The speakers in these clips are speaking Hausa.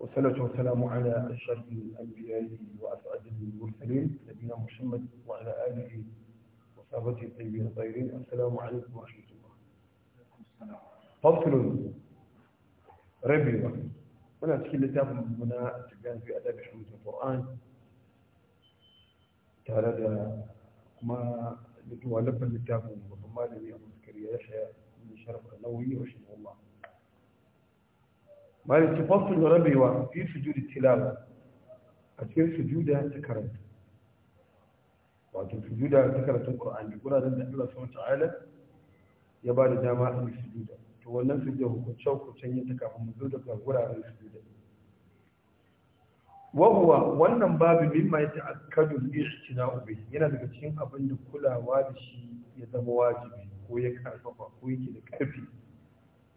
والصلاة والسلام على أشرف الأنبياء وأسعد المرسلين نبينا محمد وعلى آله وصحبه الطيبين الطاهرين السلام عليكم ورحمة الله فصل ربي ولا تشكيل لتاب منا تبيان في أداب حمد القرآن تعالى ما لتوالف لتاب وضمان لي أبو زكريا يحيى من شرف النووي رحمه الله bayan ci da rabewa fi sujudi tilawa a cikin sujuda ta karanta wato sujuda ta karanta qur'ani guraren da Allah subhanahu ta'ala ya ba da dama a sujuda to wannan sujuda hukunce hukuncen yin ta kafin mu zo daga guraren sujuda wa huwa wannan babu mimma ya ta'akkadu al-ihtina'u bihi yana daga cikin abin da kulawa da shi ya zama wajibi ko ya karfafa ko yake da karfi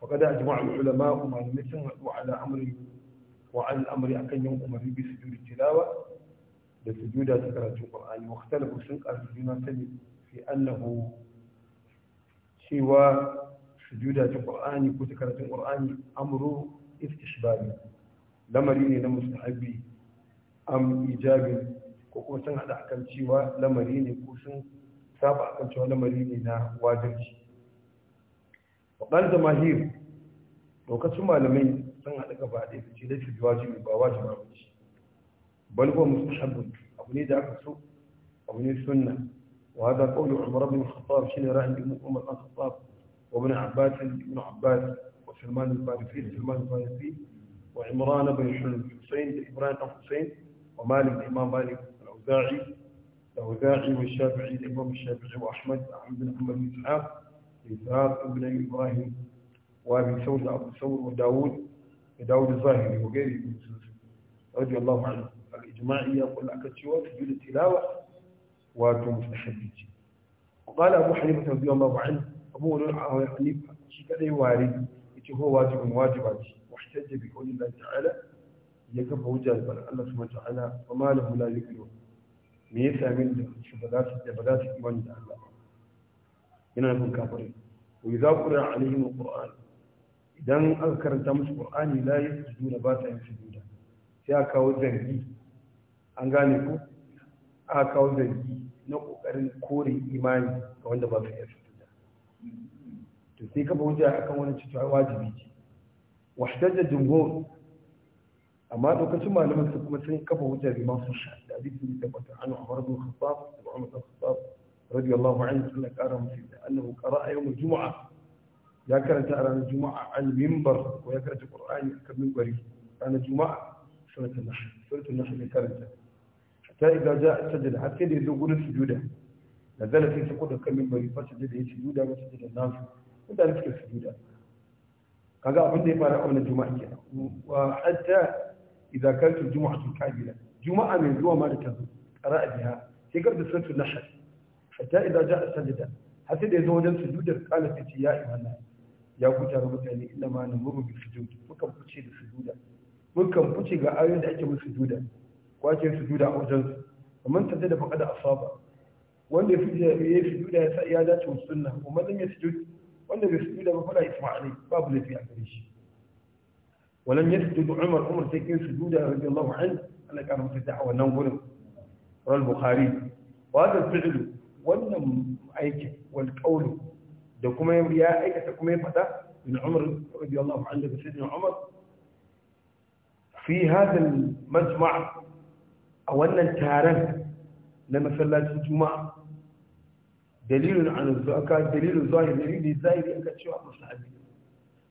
وقد أجمع العلماء ما المسلم وعلى أمر وعلى الأمر أكن يوم أمري بسجود التلاوة لسجود تكرة القرآن واختلفوا سنك أرسلنا سني في أنه سوى سجود القرآن وتكرة القرآن أمر استشبابي لما ريني na mustahabi أم إيجاب ko kuma sun سوى لما ريني كوسن سابع ko سوى لما ريني نا lamari وقال na lokacin malamai sun haɗa gaba da su ce laifin wajibi ba wajibi ba shi bal huwa mustahabbun abu ne da aka so abu ne sunna wa hada qawlu umar ibn khattab shine ra'ayin ibn umar ibn khattab wa ibn abbas ibn abbas wa sulman al-farisi sulman al-farisi wa imran ibn husayn ibrahim husayn wa malik imam malik al-awza'i الأوزاعي والشافعي الإمام الشافعي وأحمد أحمد بن محمد بن إسحاق إسحاق بن إبراهيم وابن ثور ثور وداود وداود الظاهري وغيره من رضي الله عنه الإجماعي يقول لك سوى سجود التلاوة في الحديث وقال أبو حنيفة رضي الله عنه أبو حنيفة شكله وارد هو واجب واجبات واحتج بقول الله تعالى يكفه جالبا الله سبحانه وتعالى وما له لا يؤمنون من ya sami da من da ba za su imani da Allah ba idan aka karanta musu qur'ani la yasjuduna ba ta yin sujuda sai aka kawo zargi an gane ku aka kawo zargi na kokarin kore imani ga wanda ba su yin sujuda to sai kafa a akan wani cewa wajibi ce da jumhur amma lokacin malaman su kuma sun kafa hujja bi masu sha da hadisi ne tabbata an Umar bin Khattab da Umar bin Khattab radiyallahu anhu sallallahu alaihi wa sallam annahu qara'a yawm al-jum'ah ya karanta a ranar juma'a al-mimbar ko ya karanta qur'ani akan mimbari ranar juma'a suratul nahl suratul nahl ya karanta hatta idza ja'a sajda har sai da yazo gurin sujuda nazala sai su kudu kan mimbari fa sujuda ya sujuda ba sujuda nafi inda suke sujuda kaga abin da ya fara a wannan juma'a kenan wa hatta idza kanat juma'atu kabila juma'a mai zuwa ma da ta zo qara'a biha sai karanta suratul nahl hatta idza ja'a sajda har sai da yazo wajen sujudar qala fi ya ayyuhan nas ya kuta da mutane inda ma na muru bi sujud mukan fice da sujuda mukan fice ga ayoyin da ake musu sujuda ko ake sujuda a wajen su kamar tanda da faƙa da asaba wanda ya sujuda ya sujuda ya sa ya dace wa sunna kuma dan ya sujud wanda bai sujuda ba fara isma'ili babu lafi a gare shi ولم يسجد عمر عمر سيكين سجودا رضي الله عنه أنا كان متدعى وننقل رواه البخاري وهذا الفعل والنم أيك والقول da kuma ya aikata kuma ya fada, bin umar radiyallahu anhu daga sayyidina umar fi hadha majma' a wannan taron na masallacin juma'a dalilin an zaka dalilin zahiri dalilin zahiri aka cewa musahabi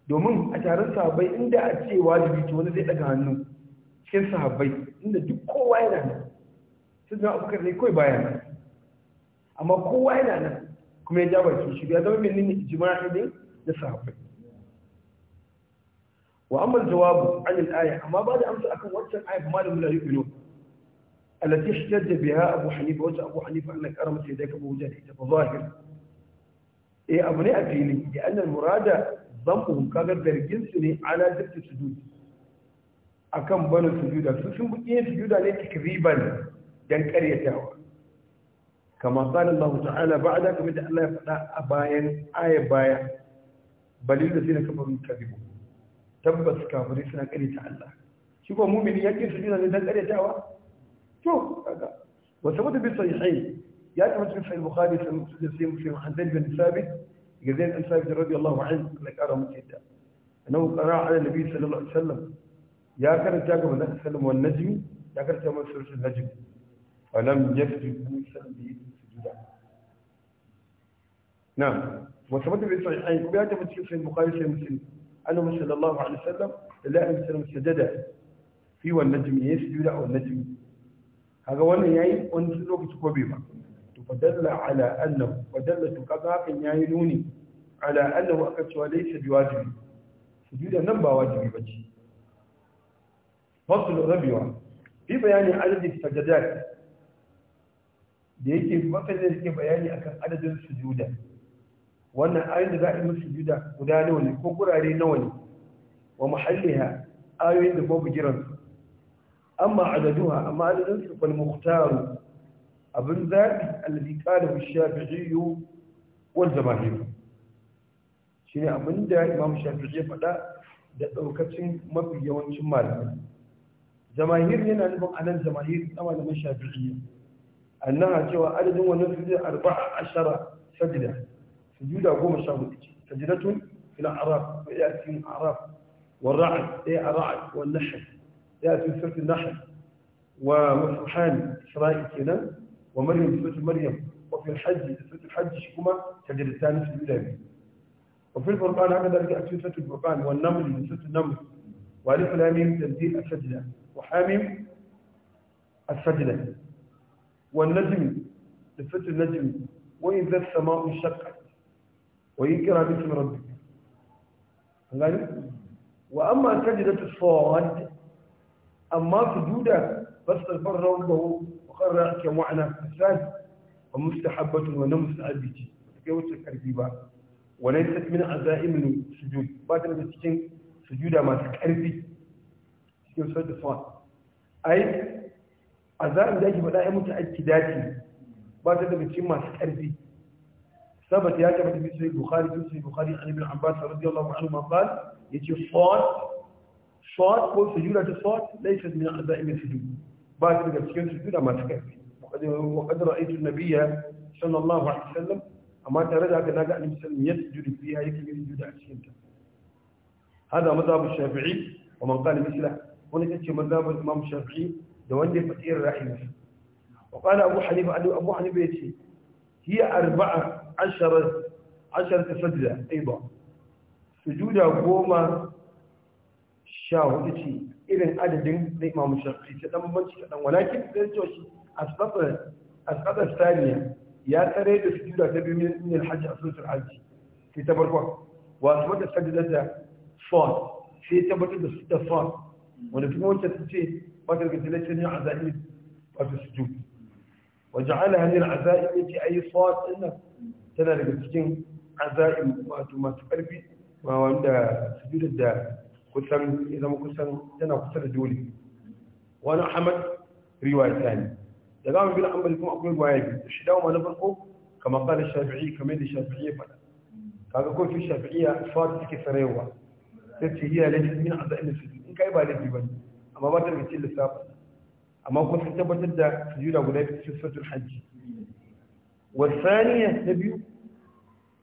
domin a taron sahabbai inda a ce wajibi to wani zai daga hannu cikin sahabbai inda duk kowa yana nan sai da abubakar ne kawai baya nan amma kowa yana nan kuma ya jabarci shi ya zama menene ijma'i ne da sahabbai wa amma jawabu an al-aya amma ba da amsa akan wannan aya kuma da mulari ilu التي احتج بها أبو حنيفة وجه أبو حنيفة أنك أرمت يديك أبو جهل فظاهر إيه أبناء فيلي لأن المراد ضمهم كبر درجنسني على ذات السجود أكم بنو سجودا سوشن بكين سجودا لتكذيبا دان كريتاوا كما قال الله تعالى بعدك من الله يفتح أباين آية باية بل الذين كفروا كذبوا تبس كافر سنة كني تعالى شوفوا مؤمن يكفر سنة لذلك أن يتعوى شوف هذا وثبت بالصحيحين يا أيها المسلم في البخاري في المسلم في الحديث بن ثابت جزيل بن ثابت رضي الله عنه لك أرى مسجدا أنه قرأ على النبي صلى الله عليه وسلم يا كرت يا كرت النجم يا كرت يا مسجد النجم فلم يسجد موسى بإذن نعم وثبت في الصحيحين وقال ثبت في البخاري وفي مسلم أنه صلى الله عليه وسلم لا أنسلم سجد في والنجم يسجد والنجم هذا وانا يعي أنسلوك سكوبيبا فدل على أنه فدل كذاك يعينوني على أنه أكد وليس بواجبي سجود النبى واجبي بجي فصل الربيع في بيان عدد السجدات da yake matsayin da yake bayani akan adadin sujuda wannan ayoyin da za a yi musu juda guda nawa ne ko gurare nawa ne wa muhalliha ayoyin da babu su amma adaduha amma adadin su fal muhtaru abin zabi alladhi qala ash-shafi'i wal ne abin da imam shafi'i ya faɗa da daukacin mafi yawancin malamai jamaahir yana nufin anan jamaahir tsama da shafi'i أنها جوا عدد ونفذ أربعة عشر سجدة سجودة قوم الشهود سجدة في الأعراف يأتي الأعراف والرعد أي الرعد والنحل يأتي من سورة النحل ومسرحان إسرائيل كذا ومريم سورة مريم وفي الحج سورة الحج شكما سجدة ثانية في الأولى وفي القرآن هذا ذلك أتي سورة القرآن والنمل سورة النمل وألف الأمين تنزيل السجدة وحامم السجدة والنجم لفت النجم وإذا السماء انشقت وينكر باسم ربك غني وأما سجدة الصواد أما سجودة فاستغفر ربه وقرر كمعنى فساد ومستحبة ونمستعبة كيف الكربيبة وليست من عزائم السجود بعد أن تكون سجودة ما تكربي سجودة الصواد أي azarin da yake faɗa ya mutu aiki dace ba ta daga cikin masu ƙarfi sabat ya tabbata fi sai bukhari fi sai bukhari an ibn abbas radiyallahu anhu ma qal yace sawat sawat ko sujuda ta sawt laysa min azaim sujud ba ta daga cikin sujuda masu ƙarfi wa qad ra'aytu an-nabiyya sallallahu alaihi wasallam amma tare da haka naga annabi sallallahu alaihi wasallam yasjudu fiha yake yin sujuda a cikin ta hada mazhabu shafi'i wa man qala mislahu wani kace mazhabu imam shafi'i da wanda ya faɗi irin ra'ayinsa wa qala abu hanifa abu hanifa yace hiya arba'a ashara ashar ta sajda aiba sujuda goma sha hudu ce irin adadin na imamu shafi ta dan banci kaɗan walakin da ya shi asƙaɗa saniya ya tsare da sujuda ta biyu min alhaji a sosar sai ta farko wasu wata sajda da fon sai tabbatar da su da fon wanda kuma wancan ta ce وقال قلت ليش أني عزائم وفي السجود وجعلها من العزائم في أي صوت إلا تنا لقد عزائم عزائم وأتما تقربي ما هو سجود الدار كسن إذا ما كسن تنا كسن دولي وأنا حمد رواية ثانية لقام بلا أمر لكم أقول رواية الشداء أنا بقول كما قال الشافعي كما الشافعي فلا كان يقول في الشافعية fadi suke sarewa sai ce hiya laifin min azaimin sujud in kai ba amma ba ta daga cikin lissafin amma kuma sun tabbatar da sujuda guda biyu cikin suratul hajji والثانية نبي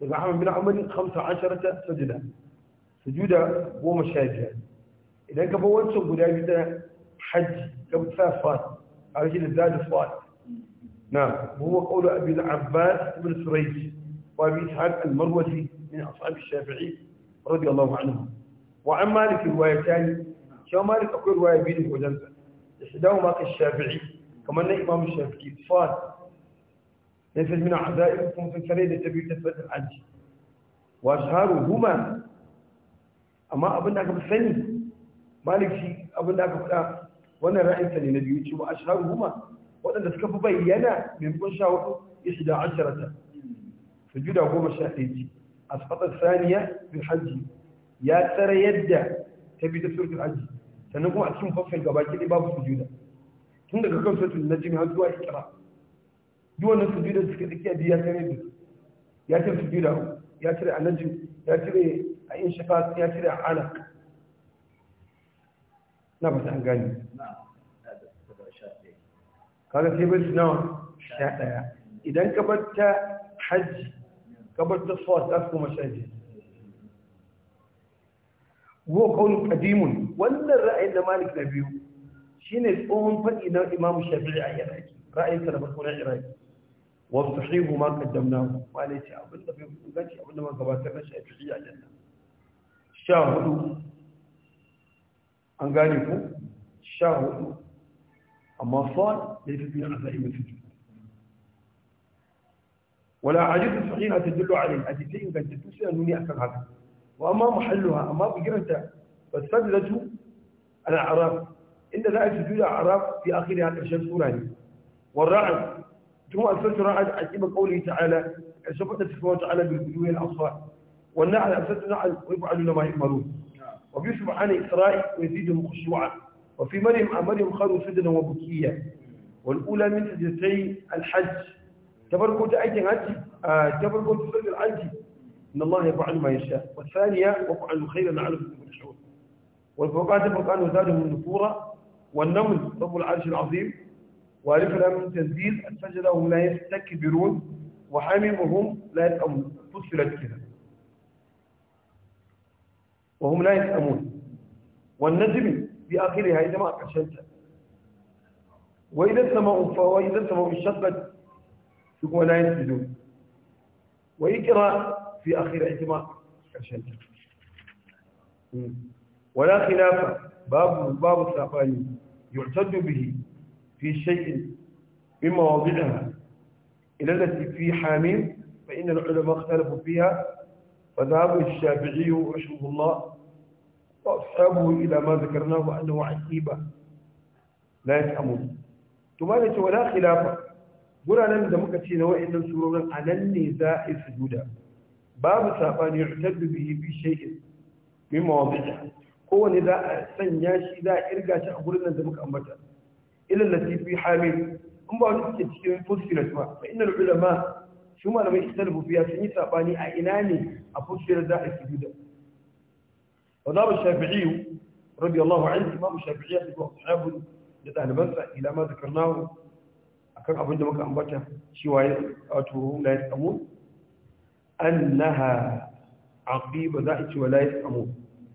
daga Ahmad bin Amr 15 sajda sujuda goma sha biyar idan ka bar wancan guda biyu da hajji ka bi sa fat a shi da zadu fat na huwa qawlu abi al-abbas ibn surayj wa abi ishaq al-marwazi min ashab ash-shafi'i radiyallahu anhu wa an malik riwayatani تمر أقول واي بين بوجنزا إحداهم ماك الشافعي كمان إمام الشافعي فات نزل من أعدائه ثم في سنة تبي تثبت الحج وأشهرهما أما أبن أبو سني مالك شيء أبن أبو أه وأنا رأيت سني نبي يوتيوب وأشهرهما وأنا أسكف بينا من كل شهر إحدى عشرة فجود أبو مشاهدي أسقط الثانية في الحج يا ترى يده تبي تثبت الحج sannan kuma a cikin mufassal gaba ki dai babu sujuda tun daga kan suratul najm har zuwa ikra duk wannan sujuda da suke tsakiya biya ta ne ya ce sujuda ya cire annajm ya cire a in shafa ya cire a alaq na ba ta an gani kaga sai bai suna sha daya idan ka bar ta hajji ka bar ta sawat ta kuma sha biyu هو قول قديم وان الرأي اللي مالك نبيه شين الأم فدي نو إمام الشافعي أي رأي رأي كان بخون أي رأي وصحيح ما قدمناه ما ليش أقول النبي قلت يا ابن ما قبلت أنا شافعي أي رأي شاهد أنقاله شاهد أما صار ليس في عزائم الفجر ولا عجز الصحيح تدل على الأديتين قد تدل على أنني أكثر هكذا وما محلها أما بجرتها فالسجدة الأعراف إن لا سجود اعراب في آخرها كرشان سورة والرعد ثم أساس رعد عجيب قوله تعالى كشفت سبحانه وتعالى بالبدو الأصفار والنعل أساس النعل ويفعلون ما يؤمرون وفي سبحان إسرائيل ويزيدهم خشوعا وفي مريم مريم خلوا سجنا وبكيا والأولى من سجدتي الحج تبركوا تأيتي هاتي آه، تبركوا تسجد الحج إن الله يفعل ما يشاء والثانية وفعل خيرا من تفلحون والفوقات القرآن وزادهم النفورة والنمل رب العرش العظيم وألف لام تنزيل السجدة وهم لا يستكبرون وحميمهم لا يتأمون فسرت كذا وهم لا يتأمون والنجم بآخرها إذا ما أكشنت وإذا السماء وإذا السماء انشقت يقول لا يسجدون وإقرأ في أخير اجماع ولا خلاف باب باب الثقاني يعتد به في شيء من مواضعها إلى التي في حاميم فإن العلماء اختلفوا فيها وذهب الشافعي رحمه الله وأصحابه إلى ما ذكرناه أنه عتيبة لا يفهمون ثم ولا خلاف قلنا لم دمك تشين وإن سرورا على النزاع سجودا باب سابان يعتد به في شيء من مواضعه هو نداء سنياشي ذا إرقى تأقول لنا دمك أمتا إلا التي في حامل أم بعض التشكيل فصل ما فإن العلماء ثم لم يختلفوا فيها سنية سأباني أعناني أفصل ذا السجودة وضاب الشافعي رضي الله عنه إمام الشافعي أبو أصحاب جد أهل منفع إلى ما ذكرناه أكرر أبو دمك أمتا شوائل أتوهم لا يتأمون أنها عقيبة ذات ولاية أمور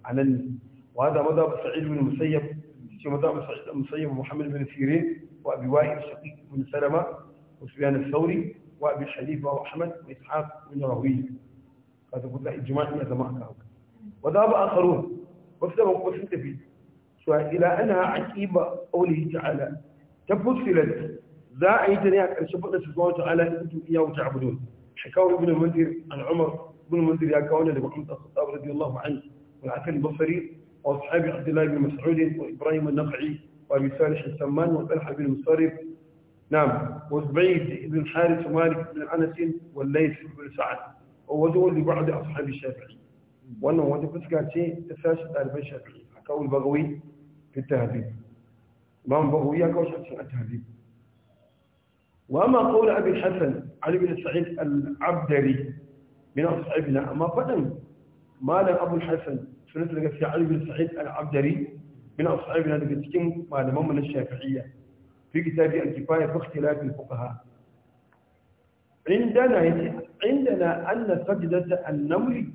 عن وهذا مذهب سعيد بن المسيب مذهب سعيد بن المسيب ومحمد بن سيرين وأبي وائل شقيق بن سلمة وسفيان الثوري وأبي حنيفة وأحمد وإسحاق بن راهويه هذا قلنا إجماع يا جماعة وذهب آخرون وسبب وسنت فيه إلى أنها عقيبة قوله تعالى تفصلت ذا أيتني أكثر شفقة سبحانه وتعالى أنتم إياه تعبدون حكاوي بن المنذر عن عمر بن المنذر يا كون لمحمد الخطاب رضي الله عنه والعسل البصري واصحاب عبد الله بن مسعود وابراهيم النقعي وابي صالح السمان وطلحه بن المصرف نعم وزبيد بن حارث ومالك بن انس والليث بن سعد ووزوا لبعض اصحاب الشافعي وانه wata fuska كان شيء sashi ɗaliban الشافعي حكاوي البغوي في التهذيب ما imam bagawi ya kawo التهذيب وما قول أبي الحسن علي بن سعيد العبدري من أصحابنا أما قدم ما لن أبو الحسن سنة لك علي بن سعيد العبدري من أصحابنا لكتكين ما من الشافعية في كتاب الكفاية في اختلاف الفقهاء عندنا عندنا أن سجدة النمل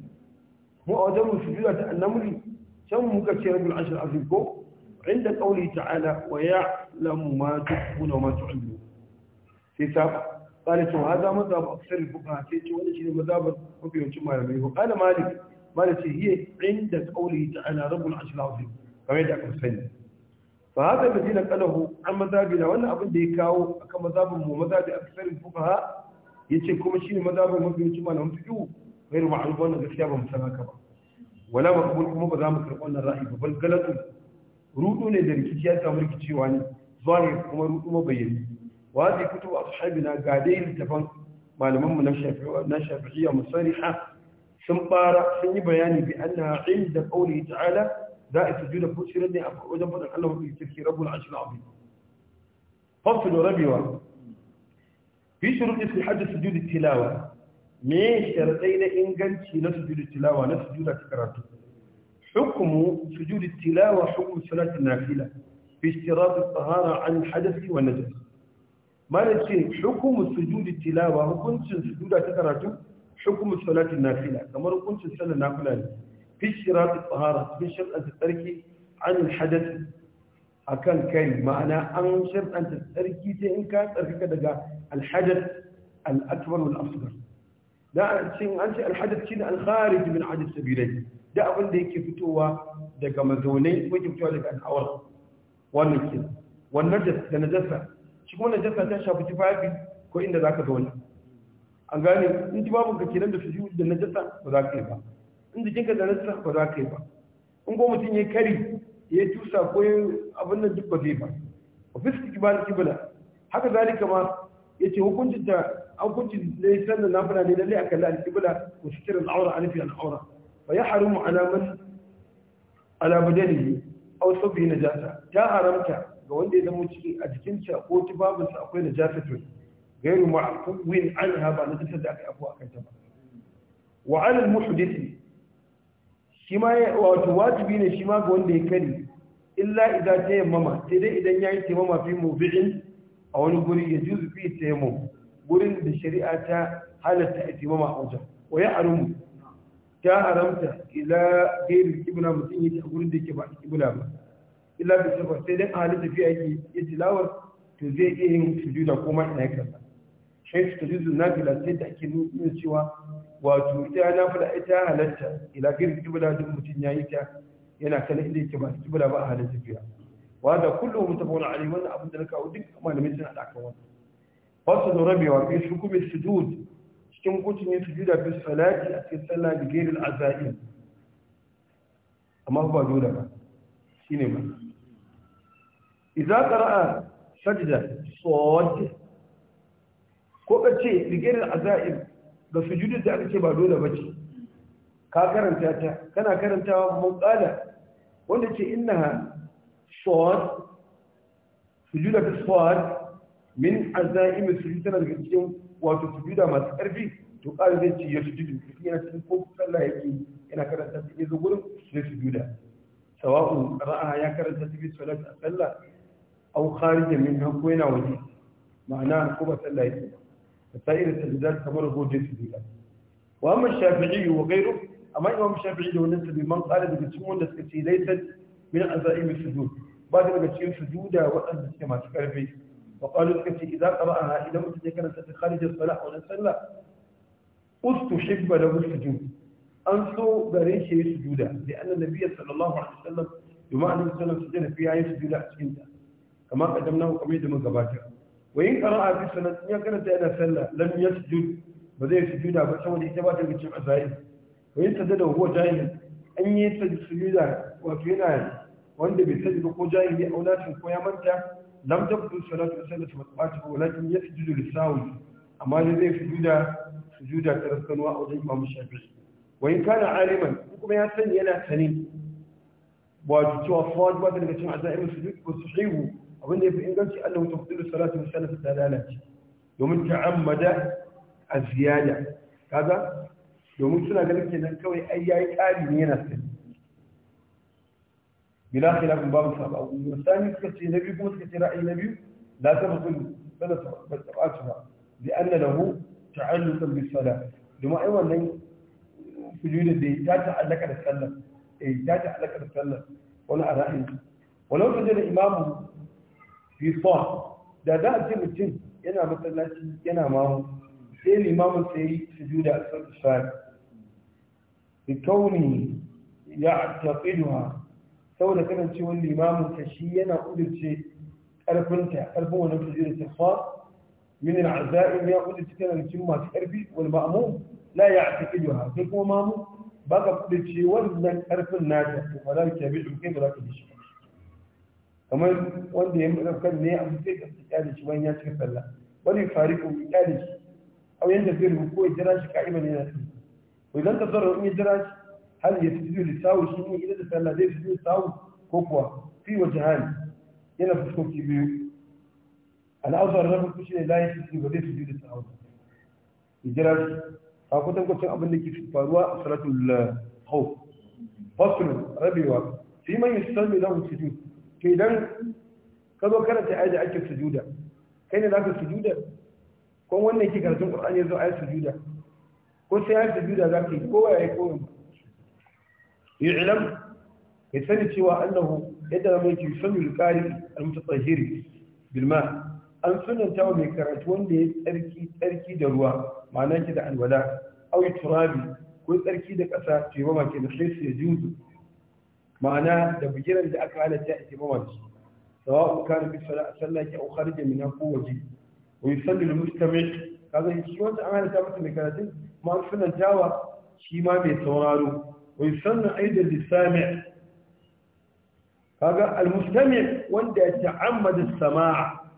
مؤدر سجدة النمل ثم مكسر بالعشر أفكو عند قوله تعالى ويعلم ما تخفون وما تعلمون sai ta kare cewa za mu zaba aksar buka sai ce wani shine mazaba mafi yawancin malamai ko kana malik malik ce hiya inda qawli ta'ala rabbul ashla wa fi kamar da aka sani fa hada da dinan kalahu an mazabi na wannan abin da ya kawo akan mazabin mu mazabi aksar buka yace kuma shine mazaba mafi yawancin malamai fi ku kai ruwa alban da gaskiya ba musana ka ba wala ba kuma kuma ba za mu karɓi wannan ra'ayi ba bal galatu rudu ne da rikici ya samu rikicewa ne zuwa ne kuma rudu ma bayyana وهذه كتب أصحابنا قاعدين تفن معلمهم نشافعية مصريحة سنبارة سنبياني بأن عند قوله تعالى ذائت جودة فسي ردني أفعوذن فضل الله في تركي رب العشر العظيم فصل ربيوة في شروط في حد سجود التلاوة من شرطين إنجنشي سجود التلاوة سجود التكرار حكم سجود التلاوة حكم صلاة النافلة في اشتراط الطهارة عن الحدث والنجس mana ce hukumu sujudi tilawa hukuncin sujuda ta karatu hukumu salatin nafila kamar hukuncin sallar nafila ne fi shiratu tsahara cikin shirɗanta tsarki an hadasu a kan kai ma'ana an shirɗanta tsarki sai in ka tsarkaka daga alhadas al'atuwar wal asgar da an ce an ce alhadas shi ne alhariji min hadis sabirai da abin da yake fitowa daga mazaunai ko yake fitowa daga al'awar wannan ke wannan da najasa shi kuma jasa ta shafi tufafi ko inda za ka zauna an gane in tufafin ka kenan da su da na jasa ba za ka yi ba in jikinka da najasa ba za ka yi ba in ko mutum ya kari ya tusa ko abin nan duk ba zai ba a fiski kibar kibla haka zalika ma ya ce hukuncin da hukuncin da ya sanna na fana ne lalle a kalli al-kibla ko sitir al-aura a nufi al-aura fa ya haramu A wasu bai na jasa ta haramta ga wanda ya zama ciki a jikinta ko tubabinsa akwai na jafatun gairu ma'afuwin an ba na tattar da aka yi afuwa kan ta ba wa alal muhdisi shi ma wato wajibi ne shi ma ga wanda ya kari illa idza tayammama sai dai idan yayi tayammama fi mawdi'in a wani guri ya juzu fi tayammum gurin da shari'a ta halatta tayammama a wajen wa ya harumu ta haramta ila gairi kibla mutum yake a gurin da yake ba kibla ba illa bi safar sai dai halin tafiya yake yi tilawar to zai iya yin sujuda ko ma ina yake sa shi su sujudu nafila sai da ake nuna cewa wato ita na fada ita halatta ila gir kibla duk mutum yayi ta yana kana inda yake ba kibla ba a halin tafiya wa da kullu mutafawun alim wannan abin da naka duk malamin suna da akan wannan da rabi wa fi hukumi sujud cikin gutun yin sujuda bi salati a cikin sallah bi ghairi azai amma ba dole ba shine ba idza qara'a sajda sawad ko kace digirin azaib da sujudu da aka ce ba dole bace ka karanta ta kana karantawa muqala wanda ce innaha sawad sujudu da sawad min azaim sujuda da cikin wato sujuda masu karfi to ƙari zai ce ya sujudu yana cikin ko sallah yake yana karanta ta yazo gurin sai sujuda sawa'u ra'a ya karanta ta salat sallah au kharijan min ko yana waje ma'ana ko ba sallah yake ba sa'ir sajdat kamar goje su bila wa amma shafi'i wa ghayru amma imam shafi'i da wannan sabi man qala daga wanda suka ce laysa min azaimi sujud ba ta daga cikin sujuda waɗanda suke masu karfi wa suka ce idan qara'aha idan mutum ya karanta ta kharijan salah wa sallah ustuhibba lahu sujud an so gare shi sujuda da annabi sallallahu alaihi fiya a cikin ta kamar kaddamna kamar yadda da gabatar wa in qara'a fi salati ya karanta yana sallah lam sujud ba zai sujuda ba saboda ita ba ta cikin azayi wa in sajada huwa jahil an yi sujuda wato yana wanda bai sajada ko jahili a wadatin ko ya manta lam tabdu salatu sallatu matbatu walakin yasjudu lisawi amma zai sujuda sujuda ta raskanwa a wajen imam shafi'i wa in kana aliman kuma ya sani yana sani wato cewa fawad ba ta daga cikin azaimin sujud ba su shihu أقول لي في إنجلتي أنه تفضل الصلاة من ثلاثة دلالات يوم تعمد الزيادة كذا يوم سنة قلت أن نكوي أي أي من مينة بلا خلاف من باب الصلاة والثاني كنت نبي كنت كنت رأي نبي لا تبطل ثلاثة أشهر لأن له تعلق بالصلاة لما أيضا لن في اليوم الذي جاءت لك أن تسلم إيه جاءت لك أن تسلم ولا أرأي ولو تجد الإمام before da za a ce mutum yana masallaci yana mamu sai limamin sai yi sujuda a sarki shari bi kauni ya taqiduha saboda kanan cewa limamun ta shi yana kudurce karfinta karfin wannan sujuda ta fa min al'azaim ya kudurce kana cikin masu ƙarfi karfi wal ma'mum la ya taqiduha sai kuma mamu ba baka kudurce wannan karfin nata to ba za ka bi kai ba za ka bi shi kamar wanda ya madaukar ne abu zai da kyale shi bayan ya cika sallah wani fariku kyale shi au yanda zai rubu ko ya jira shi ka'iman yana tsaye ko idan ka sarrafa in ya jira shi hal ya fi da sawu shi ne idan da sallah zai fi da sawu ko kuwa fi wace hali yana fuskoki biyu al'azhar na farko shine la yafi ba zai fi da sawu ya jira shi a kwatankwacin abin da ke faruwa a salatul khawf fasl rabewa fi man yasallmi lahu sujud to idan ka zo karanta ayat da ake sujuda kai ne za ka sujuda ko wannan yake karatun qur'ani yazo ayat sujuda ko sai ayat sujuda za ka yi ko ya yi kowa yu'lam ya sani cewa annahu yadda zama yake yusannu al-qari al-mutatahhir bil ma an sunanta wa mai karatu wanda ya tsarki tsarki da ruwa ma'ana ki da alwala aw turabi ko tsarki da ƙasa ce ba ma ke da sai ya juzu ma'ana da bigiran da aka halatta a kimawar su sawa ka rubi sallaki a kharje min ko waje wa yusallu lil mustamil kaga shi wanda an halatta masa mai karatun ma an sunantawa shi ma mai sauraro wa yusallu aidan lis sami' kaga al mustami' wanda ya ta'ammada as-sama'a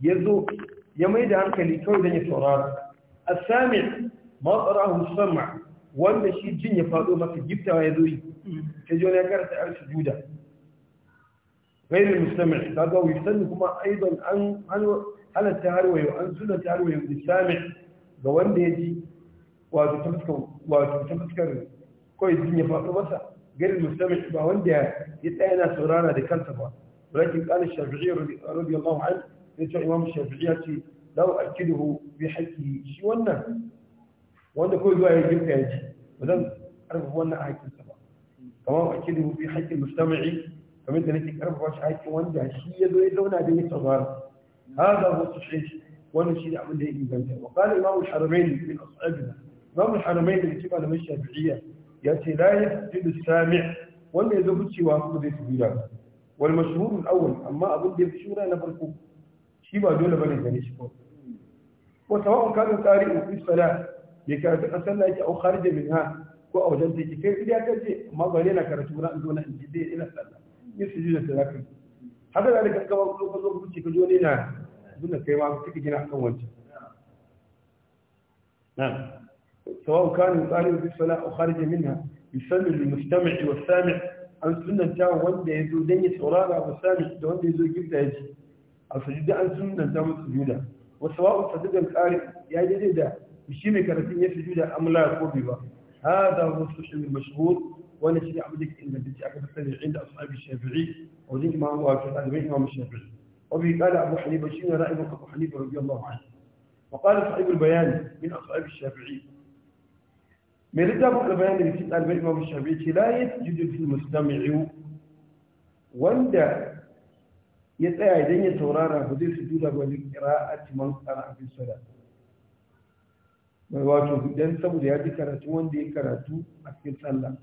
yazo ya mai da hankali kawai dan ya sauraro. as-sami' ma tsarahu as-sam' wanda shi jin ya faɗo maka giftawa ya zo yi sai ji wani ya karanta an sujuda gairin musamman ta ga wuyi sannu kuma aizon an halatta har wayo an sunanta har wayo musamman ga wanda ya ji wato ta fuskar kawai jin ya faɗo masa gairin musamman ba wanda ya tsaya na saurara da kansa ba rakin ولكن قال الشافعي رضي الله عنه يتوى إمام الشافعي لو أكده بحقه شي wannan wanda kawai zuwa ya jirka ya ji ba zan ƙarfafa wannan haƙƙinsa ba kamar a أنا fi haƙƙin mustami'i kamar da nake ƙarfafa shi haƙƙin wanda shi ya zo ya zauna da ya saurara هذا هو التصحيح ونشيد عمل هيئي بنته وقال إمام الحرمين من أصحابنا إمام الحرمين اللي تبقى لما الشافعية يأتي لا يسجد السامع ولا يذهب سوى قضية البلاد والمشهور الأول أما أظن دي بشورة أنا بركو دولة بني بني وسواء كان القارئ في الصلاة bai karatu kasar na yake au harje min ha ko a wajen take kai idan ka ce amma ba ne na karatu na zo na inji dai ina sallah ni su ji da sadaka haka da ka kama ko ka zo ku ci ka zo ne na dun kai ma kike gina akan wancan na'am سواء كان يقارن في الصلاة أو خارج منها يسمي للمستمع sami an sunanta wanda ya zo don ya saurara ba sami da wanda ya zo gifta ya ce a sujuda an sunanta masu sujuda wasu wa'u sadiqan qari ya daidai da shi mai karatun ya sujuda amla ko bi ba hada huwa sahih mashhur wani shi abu da ke ingantacce aka fi sani inda ashabi shafi'i a wajen imam wa ta talibin shafi'i قال أبو حنيفة شين رأيه أبو حنيفة رضي الله عنه وقال صاحب البيان من أصحاب الشافعي من رجال البيان اللي في الإمام الشافعي لا يسجد في المستمع وندى يتأي دين تورارا فدير سجود أبو القراءة من قرأ في الصلاة wato idan saboda ya ji karatu wanda ya karatu a cikin sallah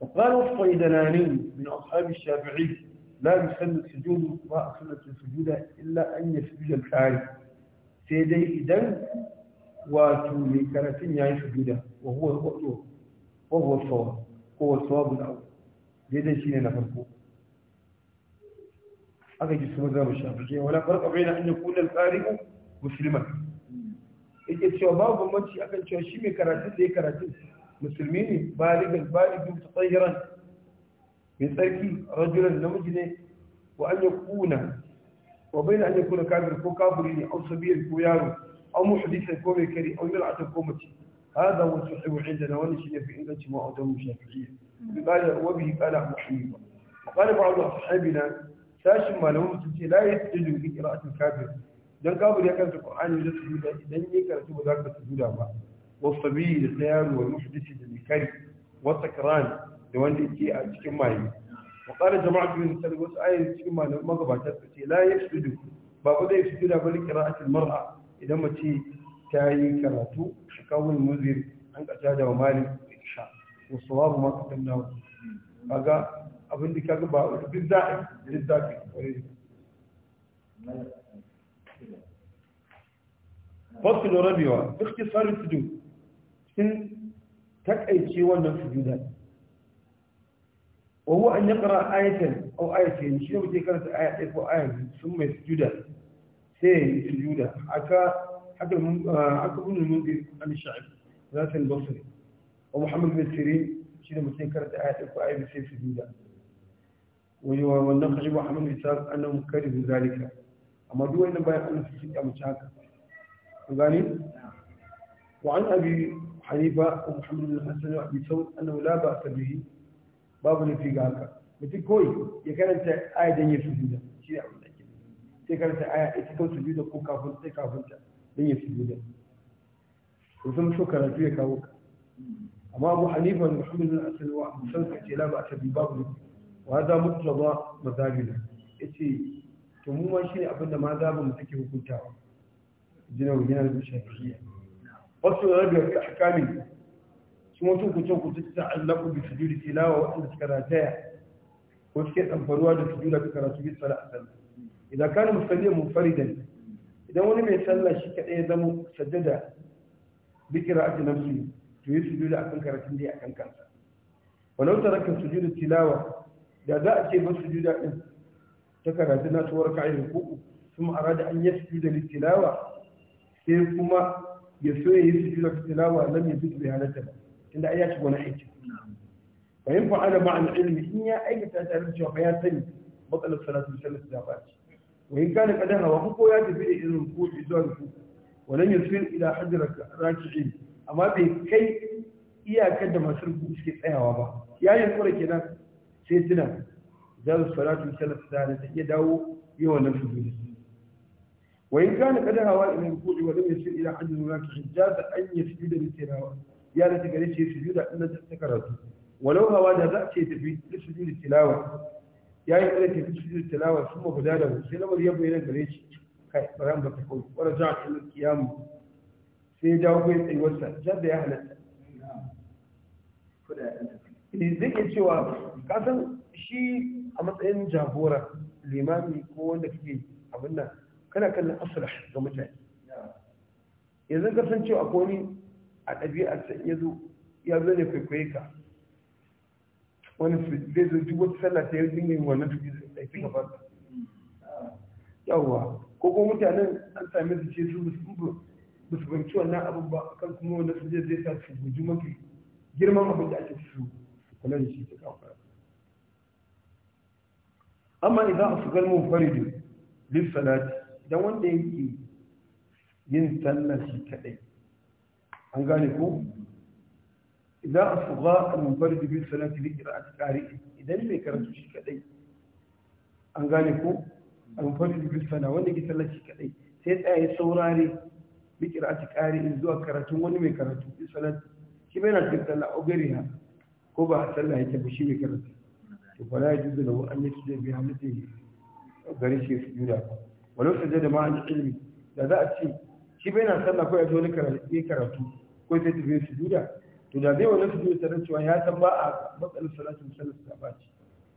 وقال الصيدلاني من أصحاب الشافعي لا يسن السجود ما أصلت السجود إلا أن يسجد الحارب سيدي إذن واتو لكرتين يعني سجودا وهو وهو وهو الصواب هو الصواب الأول سيدي شيء نفرقه هذا جسم مذهب الشافعية ولا فرق بين أن يكون الفارق مسلما yake cewa babu bambanci akan cewa shi mai karatun da ya karatu musulmi ne baligan baligan tsayiran mai tsarki rajulan namiji ne wa an yakuna wa bayna an yakuna kafir ko kafiri ne aw sabiyar ko yaro aw muhdisa ko mai kari aw yal'ata ko mace هذا هو الصحيح عندنا ونشهد في إنجلتي ما أدوم الشافعية قال وبه قال أبو حنيفة وقال بعض أصحابنا ساشم ما لهم لا يسجد لقراءة kafir dan kafir ya karanta qur'ani da sujuda idan yi karatu ba za ka da ba wasabi da tsayaru wa muhdisi da mikari wa sakran da wanda yake a cikin maye wa qala jama'atu min salih wasu ayin cikin malaman magabata su ce la yasjudu ba ku zai sujuda ba qira'atul mar'a idan mace ta yi karatu shakawul muzir an kasa da malik isha wa sawabu ma kaddamna kaga abin da kaga ba duk za'a duk za'a فصل ربيوا اختصار السجود سن تك أي شيء وانا سجودات وهو أن يقرأ آية أو آية شيء يوم تيكرة آية أو آية ثم سجودة سين سجودة حكا حكا حكا من المنقر عن الشعب ذات البصري ومحمد بن سيرين شيء يوم تيكرة آية أو آية سين سجودة ونقع محمد بن سيرين أنه مكرر من ذلك أما دوا إنما يقول في سجودة مشاكل gane wa an abi hanifa wa muhammadu al-hasan wa abi saud annahu la ba'sa ya karanta aya dan ya sujuda shi ne abin da ke sai karanta aya ita kawai sujuda ko kafin sai kafin ta dan ya sujuda to sun so karatu ya kawo ka amma abu hanifa wa muhammadu al-hasan wa abi mu ma shi ne mu jinar jinar da shafiya wasu da ragar ka sun su mutum ku can ku ta allaku bi sujudi tilawa waɗanda suka rataya ko suke ɗanfaruwa da sujuda ka karatu bi tsara a sallah idan ka kana musalliya munfaridan idan wani mai sallah shi kaɗai ya zama sajjada bikira a nafsi to yi a kan karatun da ya kan kansa wani rakan su juri tilawa da za a ce ba sujuda din ta karatu na tuwar ka'ayin kuku sun arada an yi sujuda tilawa sai kuma ya so ya yi sujjada tilawa lam yajid bi halatta ba tunda ai ya ci wani aiki fa yin fa'ala ma'al ilmi in ya aikata tare da cewa ya sani matsalar salatu salatu da ba ci wa in gane kadan hawa ko ya tafi da irin ko zuwa ku walan yasir ila hajraka raki'in amma bai kai iyakar da masu rubu suke tsayawa ba ya yi kura kenan sai tuna za su salatu salatu da ta iya dawo yawan nan su وإن كان قد هوى إلى الركوع ولم يسير إلى حد هناك حجاز أن يسجد للتلاوة يا لتقريش سجود أن تذكرت ولو هوا ذا تفي لسجود التلاوة يا يقرأ في سجود التلاوة ثم بداله سلم اليوم إلى قريش كي برام بتقول ورجع إلى القيام سيجاوب أي وسع جد يا أهل zai iya cewa kasan shi a matsayin jagora limami ko wanda kake kana kallon aslah ga mutane yanzu ka san cewa ko ni a ɗabi'ar sa ya zo ya zo ne kwaikwaye ka wani su zai zo duk wata sallah ta yi yin wannan tuki sai suka fasa yawwa ko ko mutanen an same su ce su ba su fahimci wannan abin ba kan kuma wanda su zai zai sa su guji mafi girman abin da ake su kula da shi ta kafa amma idan a su galmun faridin lissalati don wanda yake yin sallar shi kadai an gane ko idan a fuga mun bar da biyu sanar da rikira a tsari idan mai karatu shi kadai an gane ko a mun bar da biyu sana wanda ke sallar shi kadai sai tsaye saurare rikira a tsari zuwa karatun wani mai karatu sanar shi mai na cikin sallah a gari ko ba a sallah yake ba shi mai karatu to fara ya juzu da wa'an yake da biya mutum gare shi su juda ba walau da ma an ilmi da za a ce shi bai na sallah ko ya zo ne karatu ko sai su duda to da zai wani sujuda sanar cewa ya san ba a matsalin salatin sallar ba ce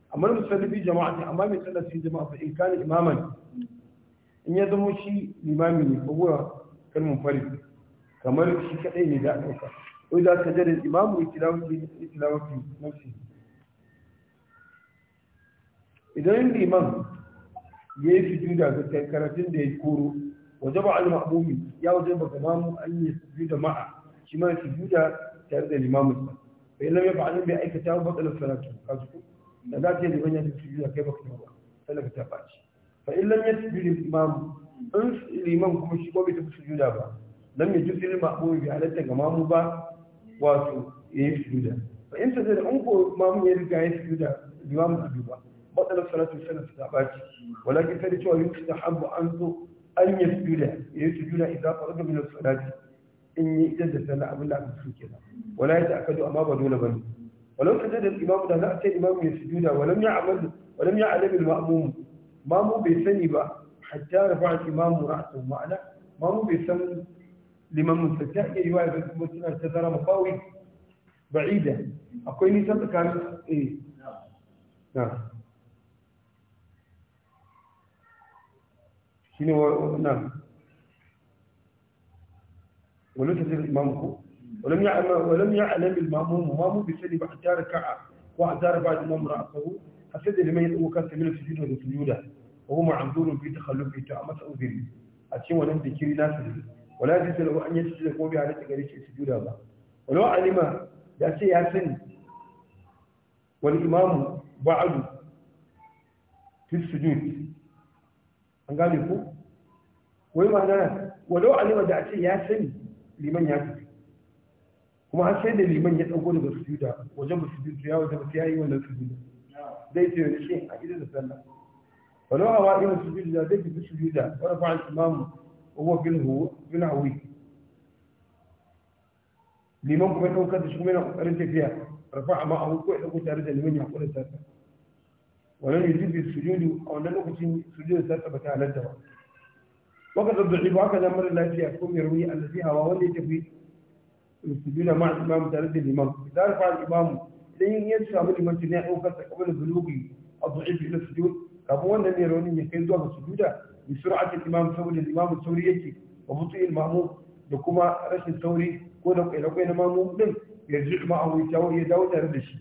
amma bi jama'a ne amma mai sallar su jama'a fa in kani imaman in ya zamo shi limami ne ko gowa kalmun fari kamar shi kadai ne da a ɗauka ko za ka jada imamu wuce na shi idan liman ya yi sujuda ga karatun da ya koro waje ba al ma'mumi ya waje ba mamu an yi sujuda ma'a shi ma sujuda tare da limamin sa bai lam ba an bai aikata ba da salatu kasu da za ta yi limanya da yi sujuda kai baka ba salaka ta baci fa in su yasjudu imam in liman kuma shi ko bai tafi sujuda ba lam yajid lil ma'mumi bi halatta ga mamu ba wato ya yi sujuda fa in ta zai da an ko mamu ya riga ya sujuda limamin abu ba بطل صلاة السنة في الأعباد ولكن ثالث هو يستحب عنه أن يسجد يسجد إذا فرد من الصلاة إني إذا سنة أبن الله بسم كذا ولا يتأكد أمام دون بني ولو تجد الإمام ده نأتى الإمام يسجد ولم يعمل ولم يعلم المأموم ما مو بيسني بقى حتى رفع الإمام رأسه معنا ما مو بيسن لمن مستحق رواية مسلم تزار مقاوي بعيدة أقول لي سبب كان إيه نعم, نعم. kini wa nan wani ta zai ya alamil mamun sani ba a jara ka'a ko a jara ba da a sabu a sai da lima yin tsohon kan su jido da su yuda a kuma an zuru ta kallon bi ta a masa uziri a cikin wani da kiri nasu ne wani ya ce da wani ya ce da kuma bi a rikin gari ce su ba wani alima ya ya sani wani imamu ba'adu fi sujud an gane wai magana walau alima da a ce ya sani liman ya tafi kuma an sai da liman ya ɗauko daga sujuda wajen ba sujudu ya wajen ba sai ya yi wannan sujuda zai ce wani shi a gidan da sallah walau a waɗin da sujudu da zai fi sujuda wani fa'an imamu wa bin hawi liman kuma ɗaukar da shi kuma yana ƙoƙarin tafiya rafa amma a hukuma ya ɗauko tare da liman ya ƙoƙarin sata wannan yujud bi sujudu a wannan lokacin sujudu sata ba ta halatta ba وقد الضعيف هكذا مر لا يحكم يروي الذي هو واللي تفي السجود مع الإمام ترد الإمام إذا رفع الإمام لين ينشأ من الإمام تناعه قبل بلوغ الضعيف إلى السجود كابو أن لم يروني يكيد وقت السجود بسرعة الإمام سوري الإمام الثوري يجي وبطيء المأموم لكما رشد الثوري كونه إلى كون المأموم منه يرجع معه يتاوي يداوي تردش